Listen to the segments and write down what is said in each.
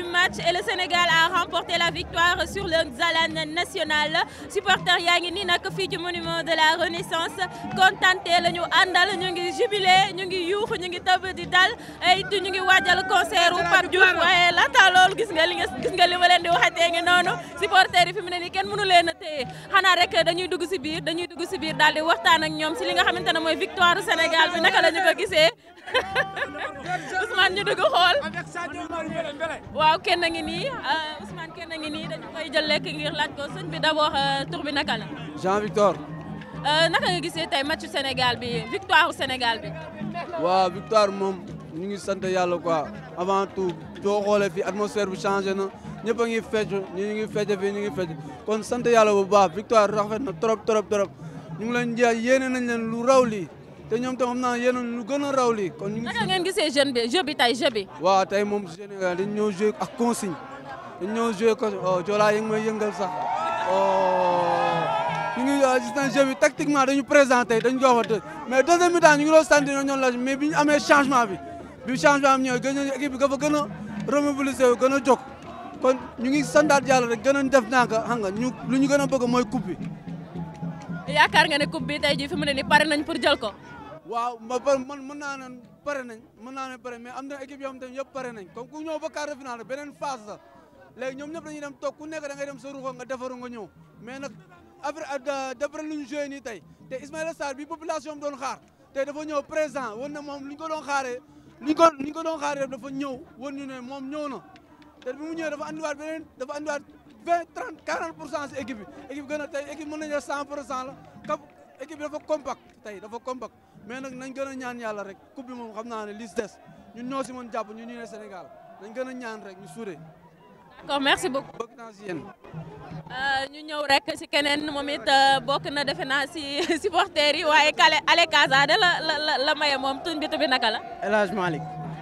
match et le Sénégal a remporté la victoire sur le Xalane national supporter Yang ngi kofi du monument de la renaissance contenté le andal Andal, ñu jubilé ñu ngi yuuxu ñu ngi di dal concert ou Pape du la yaa ngi noonu supporters yi fi mu ne nii kenn mënu leen a téye xanaa rek dañuy dugg si biir dañuy dugg si biir daal di waxtaan ak ñoom si li nga xamante ne mooy victoire Sénégal bi naka la ñu ko gisee Ousmane ñu dugg xool. waaw kenn a ngi nii euh, Ousmane kenn a ngi nii dañu koy jël lekk ngir laaj ko sëñ bi d'abord euh, tur bi naka la. Jean Victor. Euh, naka nga gisee tey bi victoire senegal bi. waaw victoire moom ñu ngi sant yàlla quoi avant tout doo xoolee fii atmosphère bi changé na. ñëpp a ngi fecc ñu ngi fecc fii ñu ngi fecc kon sant yàlla bu baax victoire rafet na trop trop trop ñu ngi leen jaay yéene nañ leen lu raw lii te ñoom tam xam naa yéen lu gën a raw lii kon ñu ngi naka ngeen gisee jeune bi jeu bi tey jeu bi waaw tey moom Sénégal dañ ñëw joué ak consigne dañ ñëw joué ko o oh, Jola yi ngi may yëngal sax o oh. ñu ngi ah, gis nañ jeu bi tactiquement dañu présenté dañu joxante mais deuxième mi-temps ñu ngi doon sant ñoo ñoon la mais bi ñu amee changement bi bi changement bi ñëwee gën équipe bi dafa gën a remobiliser gën a jóg kon ñu ngi sandaat yàlla rek gën a def naaka xam nga ñu lu ñu gën a bëgg mooy coupe bi. yaakaar nga ne coupe bi tey jii fi mu ne nii pare nañ pour jël ko. waaw ma pare man mën naa ne pare nañ mën naa ne pare mais am na équipe yoo xam te yëpp pare nañ comme ku ñëw ba quart de finale beneen phase la léegi ñoom ñëpp dañuy dem toog ku nekk da ngay dem sa ruuxoo nga defaru nga ñëw mais nag après euh, d'après lu nii tey te Ismaïla Sarr bi population am doon xaar te dafa ñëw présent woon na moom lu ko doon xaaree lu ko lu ko doon xaaree dafa ñëw woon ñu ne moom ñëw na te bi mu ñëwee dafa andiwaat beneen dafa vingt trente quarante pour cent si équipe bi équipe gën a tey équipe mën nañu cent pour cent la kap dafa compact tey dafa compact mais nag nañ gën ñaan yàlla rek coupe bi moom xam naa ne li si des ñun ñoo si mën jàpp ñun ñu ne Sénégal nañ gën a ñaan rek ñu suuree. d'accord merci beaucoup. bëgg naa euh, ñu ñëw rek si keneen moom it euh, bokk na defe naa si supporters yi waaye kale Ale Casada la la la maye moom tuñ bi tubi naka la. El Hadj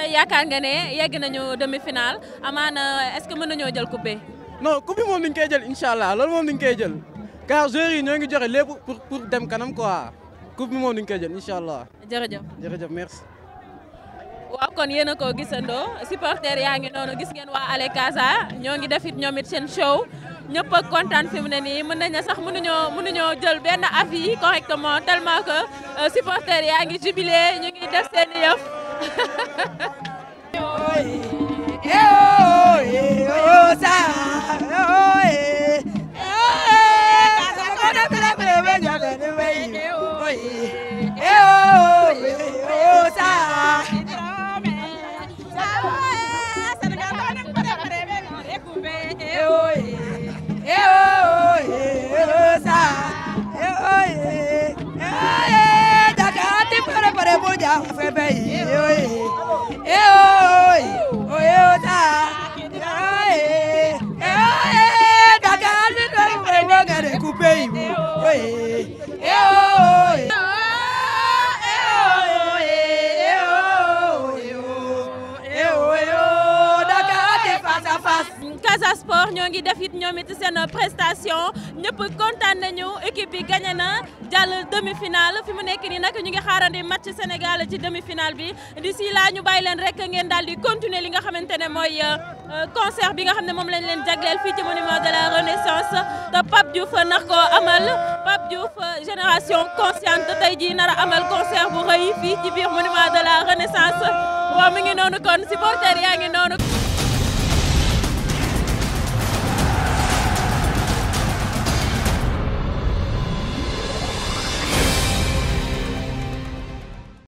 tey yaakaar nga ne yegg nañu demi-finale amaana est-ce que mën nañoo jël coupe bi. non coupe bi moom dañ koy jël incha allah loolu moom dañ koy jël car joueurs yi ñoo ngi joxe lépp pour pour dem kanam quoi coupe bi moom dañ koy jël incha allah. jërëjëf jërëjëf merci. waaw kon yéen ko gisandoo supporter yaa ngi noonu gis ngeen waa Ale Casa ñoo ngi def it ñoom it seen show ñëpp kontaan fi mu ne nii mën nañ sax mënuñoo mënuñoo jël benn avis correctement tellement que euh, supporter yaa ngi jubilé ñu ngi Eu, eu, eu, eu, Nous nous ngi def it nous prestation gagné dans demi-finale Nous avons match demi-finale d'ici là nous continuer à nga euh, concert monument de la renaissance Le Pape Diouf amal Pape Diouf euh, génération consciente concert monument de la renaissance